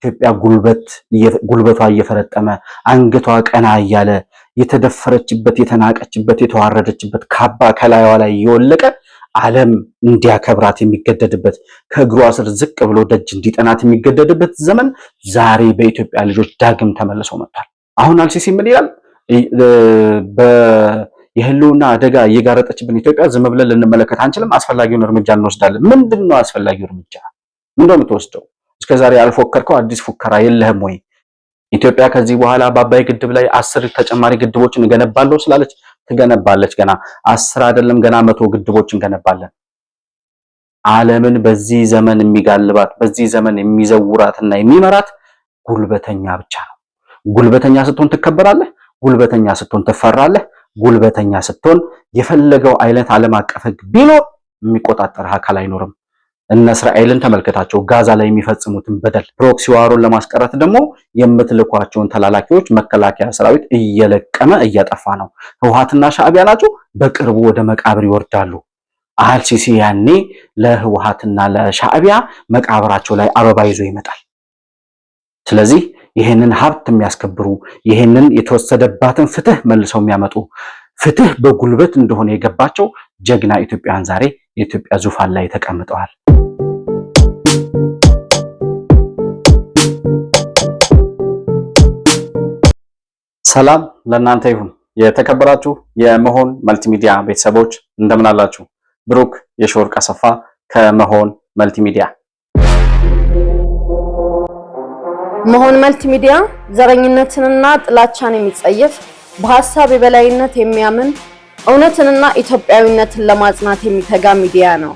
ኢትዮጵያ ጉልበቷ እየፈረጠመ አንገቷ ቀና እያለ የተደፈረችበት የተናቀችበት የተዋረደችበት ካባ ከላይዋ ላይ እየወለቀ ዓለም እንዲያከብራት የሚገደድበት ከእግሯ ስር ዝቅ ብሎ ደጅ እንዲጠናት የሚገደድበት ዘመን ዛሬ በኢትዮጵያ ልጆች ዳግም ተመልሶ መጥቷል። አሁን አልሲሲ ምን ይላል? የህልውና አደጋ እየጋረጠችብን ኢትዮጵያ ዝም ብለን ልንመለከት አንችልም፣ አስፈላጊውን እርምጃ እንወስዳለን። ምንድን ነው አስፈላጊው እርምጃ? ምንድነው የምትወስደው? እስከ ዛሬ ያልፎከርከው አዲስ ፉከራ የለህም ወይ? ኢትዮጵያ ከዚህ በኋላ በአባይ ግድብ ላይ አስር ተጨማሪ ግድቦችን እገነባለሁ ስላለች ትገነባለች። ገና አስር አይደለም ገና መቶ ግድቦችን እንገነባለን። ዓለምን በዚህ ዘመን የሚጋልባት በዚህ ዘመን የሚዘውራትና የሚመራት ጉልበተኛ ብቻ ነው። ጉልበተኛ ስትሆን ትከበራለህ። ጉልበተኛ ስትሆን ትፈራለህ። ጉልበተኛ ስትሆን የፈለገው አይነት ዓለም አቀፍ ቢኖር የሚቆጣጠር አካል አይኖርም። እነ እስራኤልን ተመልከታቸው፣ ጋዛ ላይ የሚፈጽሙትን በደል። ፕሮክሲዋሩን ለማስቀረት ደግሞ የምትልኳቸውን ተላላኪዎች መከላከያ ሰራዊት እየለቀመ እያጠፋ ነው። ህውሃትና ሻዕቢያ ናቸው፣ በቅርቡ ወደ መቃብር ይወርዳሉ። አልሲሲ ያኔ ለህውሃትና ለሻዕቢያ መቃብራቸው ላይ አበባ ይዞ ይመጣል። ስለዚህ ይህንን ሀብት የሚያስከብሩ ይህንን የተወሰደባትን ፍትህ መልሰው የሚያመጡ ፍትህ በጉልበት እንደሆነ የገባቸው ጀግና ኢትዮጵያውያን ዛሬ የኢትዮጵያ ዙፋን ላይ ተቀምጠዋል። ሰላም ለእናንተ ይሁን። የተከበራችሁ የመሆን መልቲሚዲያ ቤተሰቦች እንደምናላችሁ ብሩክ የሾርቅ አሰፋ ከመሆን መልቲሚዲያ። መሆን መልቲሚዲያ ዘረኝነትንና ጥላቻን የሚጸየፍ በሀሳብ የበላይነት የሚያምን እውነትንና ኢትዮጵያዊነትን ለማጽናት የሚተጋ ሚዲያ ነው።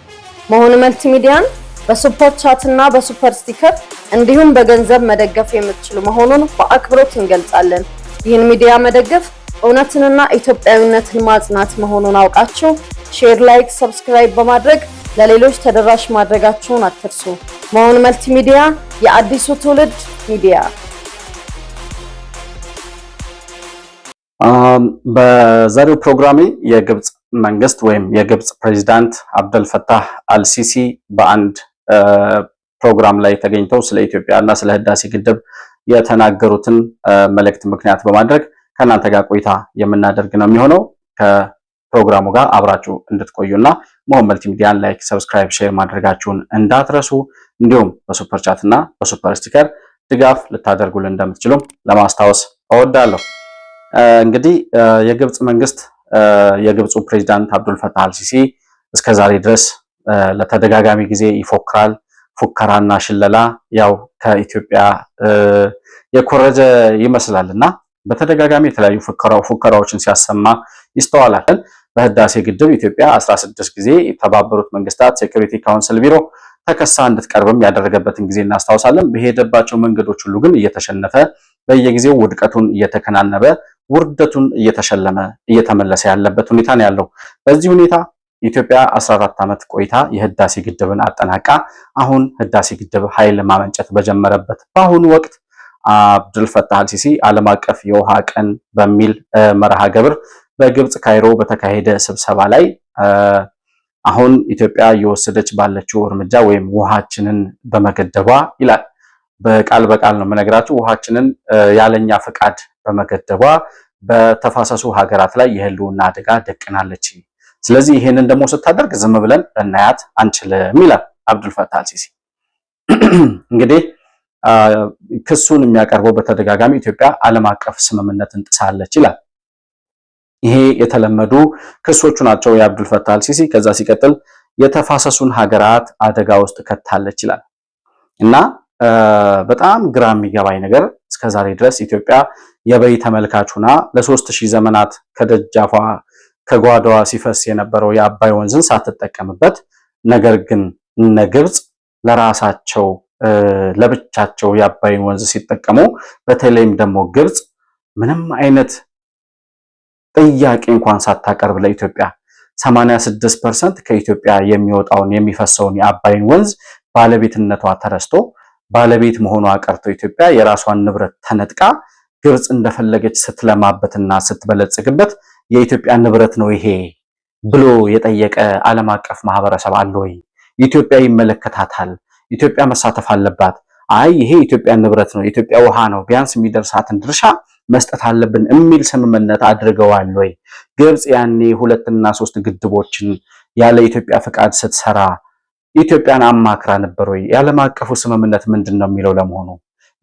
መሆን መልቲሚዲያን በሱፐር ቻት እና በሱፐር ስቲከር እንዲሁም በገንዘብ መደገፍ የምትችሉ መሆኑን በአክብሮት እንገልጻለን። ይህን ሚዲያ መደገፍ እውነትንና ኢትዮጵያዊነትን ማጽናት መሆኑን አውቃችሁ ሼር፣ ላይክ፣ ሰብስክራይብ በማድረግ ለሌሎች ተደራሽ ማድረጋችሁን አትርሱ። መሆን መልቲሚዲያ ሚዲያ የአዲሱ ትውልድ ሚዲያ። በዛሬው ፕሮግራሜ የግብፅ መንግስት ወይም የግብፅ ፕሬዚዳንት አብደልፈታህ አልሲሲ በአንድ ፕሮግራም ላይ ተገኝተው ስለ ኢትዮጵያ እና ስለ ህዳሴ ግድብ የተናገሩትን መልእክት ምክንያት በማድረግ ከእናንተ ጋር ቆይታ የምናደርግ ነው የሚሆነው። ከፕሮግራሙ ጋር አብራችሁ እንድትቆዩና መሆን መልቲሚዲያን ላይክ፣ ሰብስክራይብ፣ ሼር ማድረጋችሁን እንዳትረሱ እንዲሁም በሱፐር ቻት እና በሱፐር ስቲከር ድጋፍ ልታደርጉልን እንደምትችሉም ለማስታወስ እወዳለሁ። እንግዲህ የግብፅ መንግስት የግብፁ ፕሬዚዳንት አብዱል ፈታህ አልሲሲ እስከዛሬ ድረስ ለተደጋጋሚ ጊዜ ይፎክራል፣ ፉከራና ሽለላ ያው ከኢትዮጵያ የኮረጀ ይመስላልና በተደጋጋሚ የተለያዩ ፉከራዎችን ሲያሰማ ይስተዋላል። በህዳሴ ግድብ ኢትዮጵያ 16 ጊዜ የተባበሩት መንግስታት ሴኩሪቲ ካውንስል ቢሮ ተከሳ እንድትቀርብም ያደረገበትን ጊዜ እናስታውሳለን። በሄደባቸው መንገዶች ሁሉ ግን እየተሸነፈ በየጊዜው ውድቀቱን እየተከናነበ ውርደቱን እየተሸለመ እየተመለሰ ያለበት ሁኔታ ነው ያለው። በዚህ ሁኔታ ኢትዮጵያ 14 ዓመት ቆይታ የህዳሴ ግድብን አጠናቃ አሁን ህዳሴ ግድብ ኃይል ማመንጨት በጀመረበት በአሁኑ ወቅት አብዱልፈታህ አልሲሲ ዓለም አቀፍ የውሃ ቀን በሚል መርሃ ግብር በግብፅ ካይሮ በተካሄደ ስብሰባ ላይ አሁን ኢትዮጵያ እየወሰደች ባለችው እርምጃ ወይም ውሃችንን በመገደቧ ይላል። በቃል በቃል ነው የምነግራችሁ። ውሃችንን ያለኛ ፈቃድ በመገደቧ በተፋሰሱ ሀገራት ላይ የህልውና አደጋ ደቅናለች ስለዚህ ይሄንን ደግሞ ስታደርግ ዝም ብለን እናያት አንችልም ይላል አብዱልፈታ አልሲሲ። እንግዲህ ክሱን የሚያቀርበው በተደጋጋሚ ኢትዮጵያ ዓለም አቀፍ ስምምነትን ጥሳለች ይላል። ይሄ የተለመዱ ክሶቹ ናቸው የአብዱልፈታ አልሲሲ። ከዛ ሲቀጥል የተፋሰሱን ሀገራት አደጋ ውስጥ ከታለች ይላል እና በጣም ግራ የሚገባኝ ነገር እስከዛሬ ድረስ ኢትዮጵያ የበይ ተመልካች ሁና ለሶስት ሺህ ዘመናት ከደጃፏ ከጓዳዋ ሲፈስ የነበረው የአባይ ወንዝን ሳትጠቀምበት ነገር ግን እነ ግብፅ ለራሳቸው ለብቻቸው የአባይን ወንዝ ሲጠቀሙ፣ በተለይም ደግሞ ግብፅ ምንም አይነት ጥያቄ እንኳን ሳታቀርብ ለኢትዮጵያ 86% ከኢትዮጵያ የሚወጣውን የሚፈሰውን የአባይን ወንዝ ባለቤትነቷ ተረስቶ ባለቤት መሆኗ ቀርቶ ኢትዮጵያ የራሷን ንብረት ተነጥቃ ግብፅ እንደፈለገች ስትለማበትና ስትበለጽግበት የኢትዮጵያ ንብረት ነው ይሄ ብሎ የጠየቀ ዓለም አቀፍ ማህበረሰብ አለ ወይ? ኢትዮጵያ ይመለከታታል። ኢትዮጵያ መሳተፍ አለባት። አይ ይሄ የኢትዮጵያ ንብረት ነው፣ የኢትዮጵያ ውሃ ነው፣ ቢያንስ የሚደርሳትን ድርሻ መስጠት አለብን የሚል ስምምነት አድርገዋል ወይ? ግብፅ ያኔ ሁለትና ሶስት ግድቦችን ያለ ኢትዮጵያ ፍቃድ ስትሰራ ኢትዮጵያን አማክራ ነበር ወይ? የዓለም አቀፉ ስምምነት ምንድን ነው የሚለው ለመሆኑ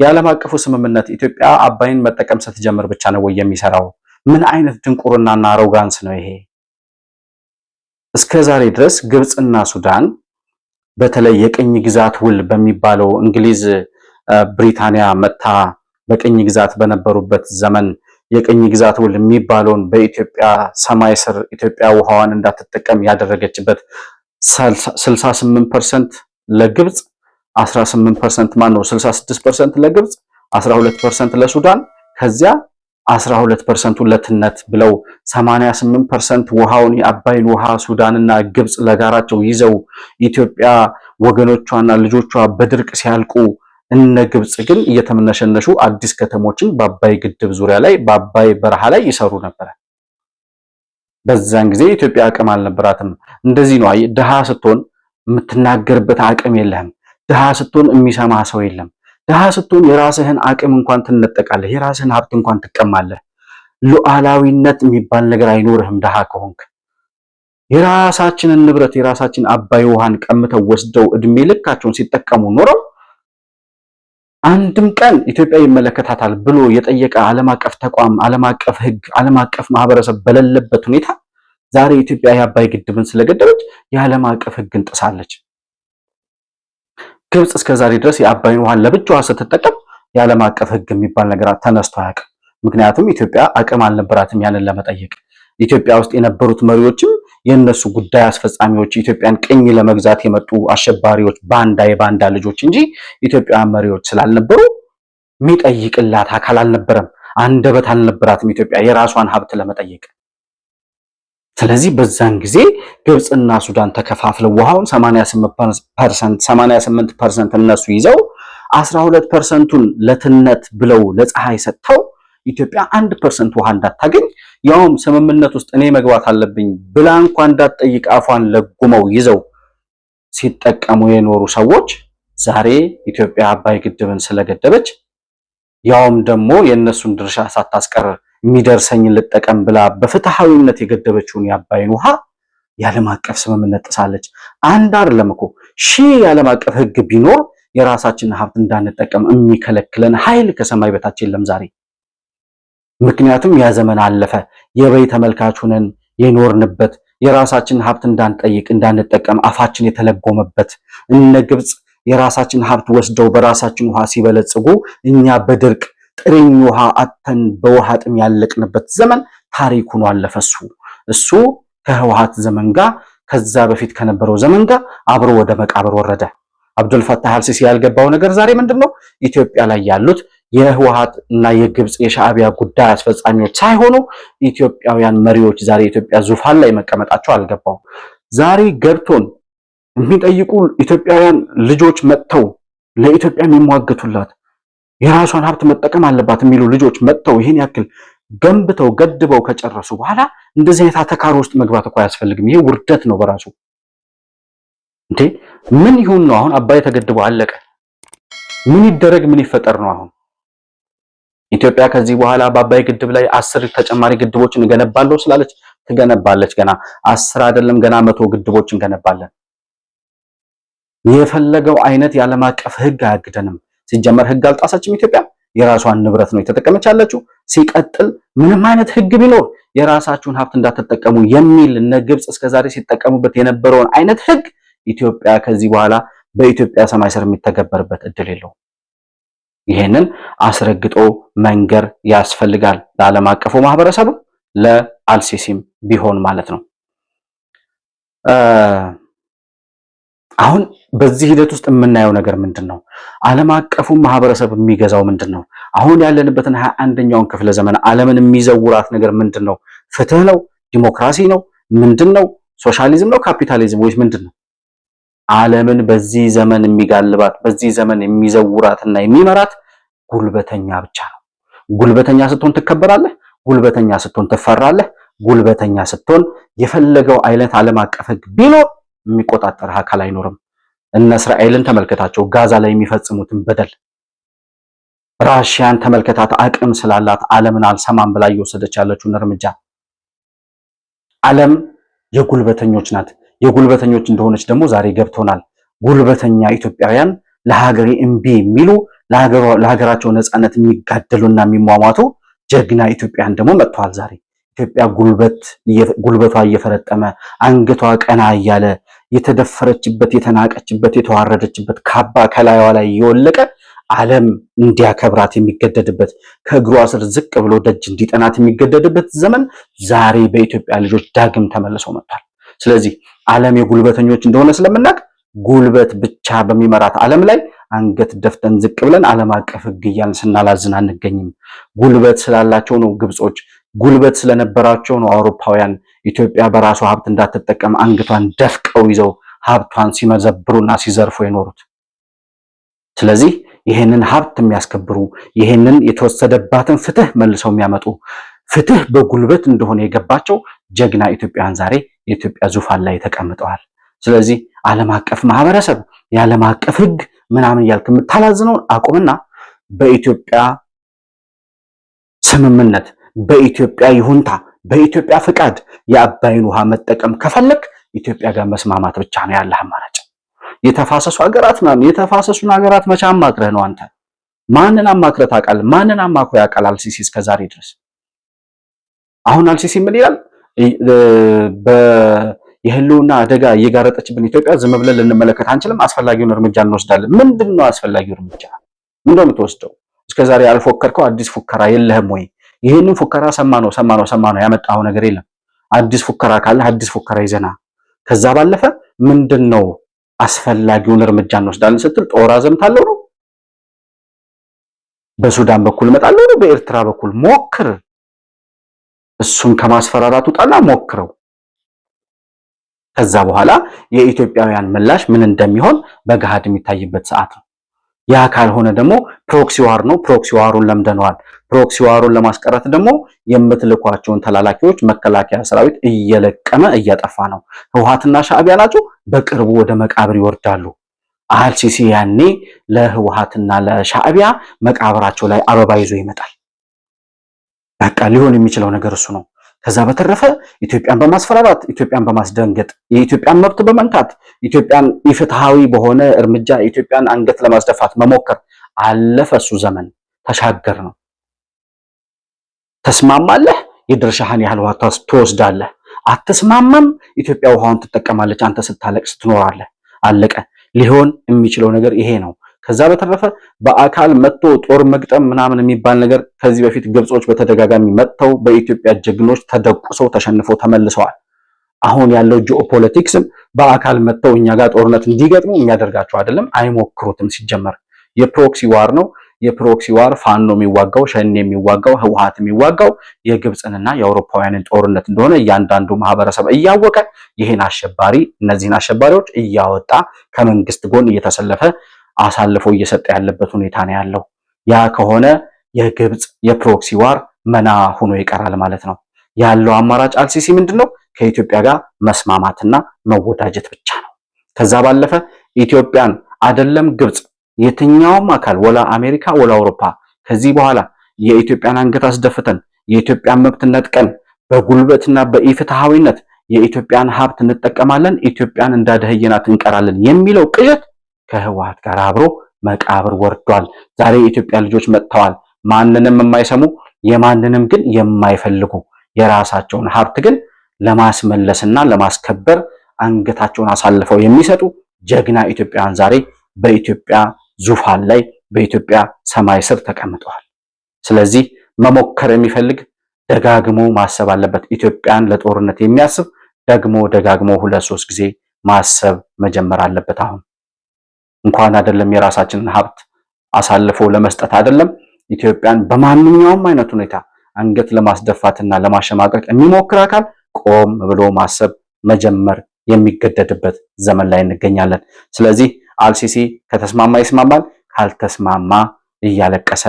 የዓለም አቀፉ ስምምነት ኢትዮጵያ አባይን መጠቀም ስትጀምር ብቻ ነው ወይ የሚሰራው? ምን አይነት ድንቁርናና አሮጋንስ ነው ይሄ? እስከ ዛሬ ድረስ ግብፅና ሱዳን በተለይ የቅኝ ግዛት ውል በሚባለው እንግሊዝ ብሪታንያ መታ በቅኝ ግዛት በነበሩበት ዘመን የቅኝ ግዛት ውል የሚባለውን በኢትዮጵያ ሰማይ ስር ኢትዮጵያ ውሃዋን እንዳትጠቀም ያደረገችበት 68% ለግብፅ 18% ማን ነው 66% ለግብፅ 12% ለሱዳን ከዚያ 12 ፐርሰንቱ ለትነት ብለው 88 ፐርሰንት ውሃውን የአባይን ውሃ ሱዳንና ግብፅ ለጋራቸው ይዘው ኢትዮጵያ ወገኖቿና ልጆቿ በድርቅ ሲያልቁ እነ ግብፅ ግን እየተመነሸነሹ አዲስ ከተሞችን በአባይ ግድብ ዙሪያ ላይ በአባይ በረሃ ላይ ይሰሩ ነበረ። በዛን ጊዜ ኢትዮጵያ አቅም አልነበራትም። እንደዚህ ነው። ድሃ ስትሆን የምትናገርበት አቅም የለህም። ድሃ ስትሆን የሚሰማ ሰው የለም። ድሃ ስትሆን የራስህን አቅም እንኳን ትነጠቃለህ፣ የራስህን ሀብት እንኳን ትቀማለህ። ሉዓላዊነት የሚባል ነገር አይኖርህም ድሃ ከሆንክ። የራሳችንን ንብረት የራሳችን አባይ ውሃን ቀምተው ወስደው እድሜ ልካቸውን ሲጠቀሙ ኖረው አንድም ቀን ኢትዮጵያ ይመለከታታል ብሎ የጠየቀ ዓለም አቀፍ ተቋም፣ ዓለም አቀፍ ሕግ፣ ዓለም አቀፍ ማህበረሰብ በሌለበት ሁኔታ ዛሬ ኢትዮጵያ የአባይ ግድብን ስለገደበች የዓለም አቀፍ ሕግን ጥሳለች። ግብፅ እስከ ዛሬ ድረስ የአባይን ውሃን ለብቻዋ ስትጠቀም የዓለም አቀፍ ሕግ የሚባል ነገር ተነስቶ አያውቅም። ምክንያቱም ኢትዮጵያ አቅም አልነበራትም ያንን ለመጠየቅ። ኢትዮጵያ ውስጥ የነበሩት መሪዎችም የእነሱ ጉዳይ አስፈጻሚዎች፣ ኢትዮጵያን ቅኝ ለመግዛት የመጡ አሸባሪዎች፣ ባንዳ የባንዳ ልጆች እንጂ ኢትዮጵያውያን መሪዎች ስላልነበሩ የሚጠይቅላት አካል አልነበረም። አንደበት አልነበራትም ኢትዮጵያ የራሷን ሀብት ለመጠየቅ ስለዚህ በዛን ጊዜ ግብፅና ሱዳን ተከፋፍለው ውሃውን 88 ፐርሰንት እነሱ ይዘው 12 ፐርሰንቱን ለትነት ብለው ለፀሐይ ሰጥተው ኢትዮጵያ አንድ ፐርሰንት ውሃ እንዳታገኝ ያውም ስምምነት ውስጥ እኔ መግባት አለብኝ ብላ እንኳ እንዳትጠይቅ አፏን ለጉመው ይዘው ሲጠቀሙ የኖሩ ሰዎች ዛሬ ኢትዮጵያ አባይ ግድብን ስለገደበች ያውም ደግሞ የእነሱን ድርሻ ሳታስቀር የሚደርሰኝ ልጠቀም ብላ በፍትሐዊነት የገደበችውን የአባይን ውሃ የዓለም አቀፍ ስምምነት ጥሳለች። አንድ አይደለም እኮ ሺህ የዓለም አቀፍ ሕግ ቢኖር የራሳችንን ሀብት እንዳንጠቀም የሚከለክለን ኃይል ከሰማይ በታች የለም ዛሬ። ምክንያቱም ያ ዘመን አለፈ። የበይ ተመልካች ሆነን የኖርንበት የራሳችንን ሀብት እንዳንጠይቅ እንዳንጠቀም አፋችን የተለጎመበት እነ ግብፅ የራሳችን ሀብት ወስደው በራሳችን ውሃ ሲበለጽጉ እኛ በድርቅ ጥሪኝ ውሃ አተን በውሃ ጥም ያለቅንበት ዘመን ታሪክ ሆኖ አለፈ። እሱ እሱ ከህወሓት ዘመን ጋር ከዛ በፊት ከነበረው ዘመን ጋር አብሮ ወደ መቃብር ወረደ። አብዱልፈታህ አልሲሲ ያልገባው ነገር ዛሬ ምንድን ነው? ኢትዮጵያ ላይ ያሉት የህወሓት እና የግብፅ የሻዕቢያ ጉዳይ አስፈጻሚዎች ሳይሆኑ ኢትዮጵያውያን መሪዎች ዛሬ ኢትዮጵያ ዙፋን ላይ መቀመጣቸው አልገባውም። ዛሬ ገብቶን የሚጠይቁ ኢትዮጵያውያን ልጆች መጥተው ለኢትዮጵያ የሚሟገቱላት የራሷን ሀብት መጠቀም አለባት የሚሉ ልጆች መጥተው ይህን ያክል ገንብተው ገድበው ከጨረሱ በኋላ እንደዚህ አይነት አተካሮ ውስጥ መግባት እኮ አያስፈልግም። ይሄ ውርደት ነው በራሱ እንዴ! ምን ይሁን ነው አሁን አባይ ተገድቦ አለቀ። ምን ይደረግ ምን ይፈጠር ነው አሁን? ኢትዮጵያ ከዚህ በኋላ በአባይ ግድብ ላይ አስር ተጨማሪ ግድቦችን እገነባለሁ ስላለች ትገነባለች። ገና አስር አይደለም ገና መቶ ግድቦች እንገነባለን። የፈለገው አይነት የዓለም አቀፍ ሕግ አያግደንም። ሲጀመር ህግ አልጣሳችም ኢትዮጵያ የራሷን ንብረት ነው የተጠቀመች ያለችው። ሲቀጥል ምንም አይነት ህግ ቢኖር የራሳችሁን ሀብት እንዳትጠቀሙ የሚል እነ እስከዛሬ ሲጠቀሙበት የነበረውን አይነት ህግ ኢትዮጵያ ከዚህ በኋላ በኢትዮጵያ ሰማይ ስር የሚተገበርበት እድል የለውም። ይህንን አስረግጦ መንገር ያስፈልጋል ለዓለም አቀፉ ማህበረሰቡ ለአልሲሲም ቢሆን ማለት ነው። አሁን በዚህ ሂደት ውስጥ የምናየው ነገር ምንድን ነው? ዓለም አቀፉ ማህበረሰብ የሚገዛው ምንድን ነው? አሁን ያለንበትን ሀያ አንደኛውን ክፍለ ዘመን ዓለምን የሚዘውራት ነገር ምንድን ነው? ፍትህ ነው? ዲሞክራሲ ነው? ምንድን ነው? ሶሻሊዝም ነው? ካፒታሊዝም ወይስ ምንድን ነው? ዓለምን በዚህ ዘመን የሚጋልባት በዚህ ዘመን የሚዘውራትና የሚመራት ጉልበተኛ ብቻ ነው። ጉልበተኛ ስትሆን ትከበራለህ። ጉልበተኛ ስትሆን ትፈራለህ። ጉልበተኛ ስትሆን የፈለገው አይነት ዓለም አቀፍ ህግ ቢኖር የሚቆጣጠር አካል አይኖርም። እነ እስራኤልን ተመልከታቸው፣ ጋዛ ላይ የሚፈጽሙትን በደል። ራሽያን ተመልከታት፣ አቅም ስላላት ዓለምን አልሰማም ብላ እየወሰደች ያለችውን እርምጃ። ዓለም የጉልበተኞች ናት። የጉልበተኞች እንደሆነች ደግሞ ዛሬ ገብቶናል። ጉልበተኛ ኢትዮጵያውያን ለሀገሬ እምቢ የሚሉ ለሀገራቸው ነፃነት የሚጋደሉና የሚሟሟቱ ጀግና ኢትዮጵያን ደግሞ መጥተዋል ዛሬ ኢትዮጵያ ጉልበቷ እየፈረጠመ አንገቷ ቀና እያለ የተደፈረችበት፣ የተናቀችበት፣ የተዋረደችበት ካባ ከላይዋ ላይ የወለቀ ዓለም እንዲያከብራት የሚገደድበት ከእግሯ ስር ዝቅ ብሎ ደጅ እንዲጠናት የሚገደድበት ዘመን ዛሬ በኢትዮጵያ ልጆች ዳግም ተመልሶ መጥቷል። ስለዚህ ዓለም የጉልበተኞች እንደሆነ ስለምናውቅ ጉልበት ብቻ በሚመራት ዓለም ላይ አንገት ደፍተን ዝቅ ብለን ዓለም አቀፍ ሕግ እያልን ስናላዝን አንገኝም። ጉልበት ስላላቸው ነው ግብጾች፣ ጉልበት ስለነበራቸው ነው አውሮፓውያን ኢትዮጵያ በራሷ ሀብት እንዳትጠቀም አንገቷን ደፍቀው ይዘው ሀብቷን ሲመዘብሩና ሲዘርፉ የኖሩት። ስለዚህ ይህንን ሀብት የሚያስከብሩ ይህንን የተወሰደባትን ፍትህ መልሰው የሚያመጡ ፍትህ በጉልበት እንደሆነ የገባቸው ጀግና ኢትዮጵያን ዛሬ የኢትዮጵያ ዙፋን ላይ ተቀምጠዋል። ስለዚህ ዓለም አቀፍ ማህበረሰብ የዓለም አቀፍ ህግ ምናምን እያልክ የምታላዝነውን አቁምና በኢትዮጵያ ስምምነት በኢትዮጵያ ይሁንታ በኢትዮጵያ ፍቃድ የአባይን ውሃ መጠቀም ከፈለግ ኢትዮጵያ ጋር መስማማት ብቻ ነው ያለህ አማራጭ። የተፋሰሱ ሀገራት ምናምን የተፋሰሱን ሀገራት መቼ አማክረህ ነው አንተ? ማንን አማክረህ ታውቃለህ? ማንን አማክሮ ያውቃል አልሲሲ ዛሬ ድረስ? አሁን አልሲሲ ምን ይላል? የህልውና አደጋ እየጋረጠችብን ኢትዮጵያ ዝም ብለን ልንመለከት አንችልም፣ አስፈላጊውን እርምጃ እንወስዳለን። ምንድን ነው አስፈላጊው እርምጃ? ምንድነው የምትወስደው? እስከዛሬ ያልፎከርከው አዲስ ፉከራ የለህም ወይ? ይህንን ፉከራ ሰማ ነው ሰማ ነው ሰማ ነው ያመጣው ነገር የለም። አዲስ ፉከራ ካለ አዲስ ፉከራ ይዘና ከዛ ባለፈ ምንድን ነው አስፈላጊውን እርምጃ እንወስዳለን ስትል ጦር አዘምታለሁ ነው፣ በሱዳን በኩል እመጣለሁ ነው፣ በኤርትራ በኩል ሞክር። እሱን ከማስፈራራት ውጣና ሞክረው። ከዛ በኋላ የኢትዮጵያውያን ምላሽ ምን እንደሚሆን በገሃድ የሚታይበት ሰዓት ነው። ያ ካልሆነ ደግሞ ፕሮክሲ ዋር ነው። ፕሮክሲ ዋሩን ለምደነዋል። ፕሮክሲ ዋሩን ለማስቀረት ደግሞ የምትልኳቸውን ተላላኪዎች መከላከያ ሰራዊት እየለቀመ እያጠፋ ነው። ህወሓትና ሻዕቢያ ናቸው፣ በቅርቡ ወደ መቃብር ይወርዳሉ። አልሲሲ ያኔ ለህወሓትና ለሻዕቢያ መቃብራቸው ላይ አበባ ይዞ ይመጣል። በቃ ሊሆን የሚችለው ነገር እሱ ነው። ከዛ በተረፈ ኢትዮጵያን በማስፈራራት ኢትዮጵያን በማስደንገጥ የኢትዮጵያን መብት በመንካት ኢትዮጵያን ኢፍትሃዊ በሆነ እርምጃ የኢትዮጵያን አንገት ለማስደፋት መሞከር አለፈ። እሱ ዘመን ተሻገር ነው። ተስማማለህ፣ የድርሻህን ያህል ውሃ ትወስዳለህ። አትስማማም፣ ኢትዮጵያ ውሃውን ትጠቀማለች። አንተ ስታለቅስ ትኖራለህ። አለቀ። ሊሆን የሚችለው ነገር ይሄ ነው። ከዛ በተረፈ በአካል መጥቶ ጦር መግጠም ምናምን የሚባል ነገር ከዚህ በፊት ግብጾች በተደጋጋሚ መጥተው በኢትዮጵያ ጀግኖች ተደቁሰው ተሸንፈው ተመልሰዋል። አሁን ያለው ጂኦፖለቲክስም በአካል መጥተው እኛ ጋር ጦርነት እንዲገጥሙ የሚያደርጋቸው አይደለም። አይሞክሩትም። ሲጀመር የፕሮክሲ ዋር ነው። የፕሮክሲ ዋር ፋኖ የሚዋጋው ሸኔ የሚዋጋው ህወሓት የሚዋጋው የግብፅንና የአውሮፓውያንን ጦርነት እንደሆነ እያንዳንዱ ማህበረሰብ እያወቀ ይህን አሸባሪ እነዚህን አሸባሪዎች እያወጣ ከመንግስት ጎን እየተሰለፈ አሳልፎ እየሰጠ ያለበት ሁኔታ ነው ያለው። ያ ከሆነ የግብፅ የፕሮክሲ ዋር መና ሆኖ ይቀራል ማለት ነው። ያለው አማራጭ አልሲሲ ምንድን ነው? ከኢትዮጵያ ጋር መስማማትና መወዳጀት ብቻ ነው። ከዛ ባለፈ ኢትዮጵያን አደለም ግብፅ፣ የትኛውም አካል ወላ አሜሪካ ወላ አውሮፓ ከዚህ በኋላ የኢትዮጵያን አንገት አስደፍተን የኢትዮጵያን መብት ነጥቀን በጉልበትና በኢፍትሐዊነት የኢትዮጵያን ሀብት እንጠቀማለን፣ ኢትዮጵያን እንዳደህየናት እንቀራለን የሚለው ቅዠት ከህወሓት ጋር አብሮ መቃብር ወርዷል። ዛሬ የኢትዮጵያ ልጆች መጥተዋል። ማንንም የማይሰሙ የማንንም ግን የማይፈልጉ የራሳቸውን ሀብት ግን ለማስመለስና ለማስከበር አንገታቸውን አሳልፈው የሚሰጡ ጀግና ኢትዮጵያውያን ዛሬ በኢትዮጵያ ዙፋን ላይ በኢትዮጵያ ሰማይ ስር ተቀምጠዋል። ስለዚህ መሞከር የሚፈልግ ደጋግሞ ማሰብ አለበት። ኢትዮጵያን ለጦርነት የሚያስብ ደግሞ ደጋግሞ ሁለት ሶስት ጊዜ ማሰብ መጀመር አለበት አሁን እንኳን አይደለም የራሳችንን ሀብት አሳልፎ ለመስጠት አይደለም ኢትዮጵያን በማንኛውም አይነት ሁኔታ አንገት ለማስደፋትና ለማሸማቀቅ የሚሞክር አካል ቆም ብሎ ማሰብ መጀመር የሚገደድበት ዘመን ላይ እንገኛለን። ስለዚህ አልሲሲ ከተስማማ ይስማማል፣ ካልተስማማ እያለቀሰ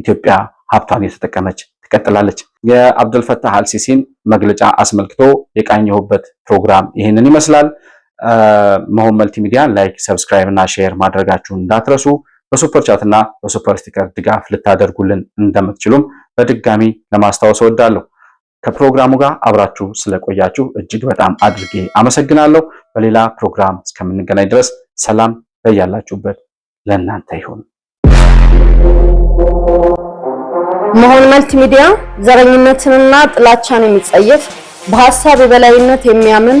ኢትዮጵያ ሀብቷን እየተጠቀመች ትቀጥላለች። የአብደልፈታህ አልሲሲን መግለጫ አስመልክቶ የቃኘሁበት ፕሮግራም ይህንን ይመስላል። መሆን መልቲሚዲያን ላይክ፣ ሰብስክራይብ እና ሼር ማድረጋችሁን እንዳትረሱ። በሱፐር ቻት እና በሱፐር ስቲከር ድጋፍ ልታደርጉልን እንደምትችሉም በድጋሚ ለማስታወስ እወዳለሁ። ከፕሮግራሙ ጋር አብራችሁ ስለቆያችሁ እጅግ በጣም አድርጌ አመሰግናለሁ። በሌላ ፕሮግራም እስከምንገናኝ ድረስ ሰላም በያላችሁበት ለእናንተ ይሁን። መሆን መልቲ ሚዲያ ዘረኝነትንና ጥላቻን የሚጸየፍ በሀሳብ የበላይነት የሚያምን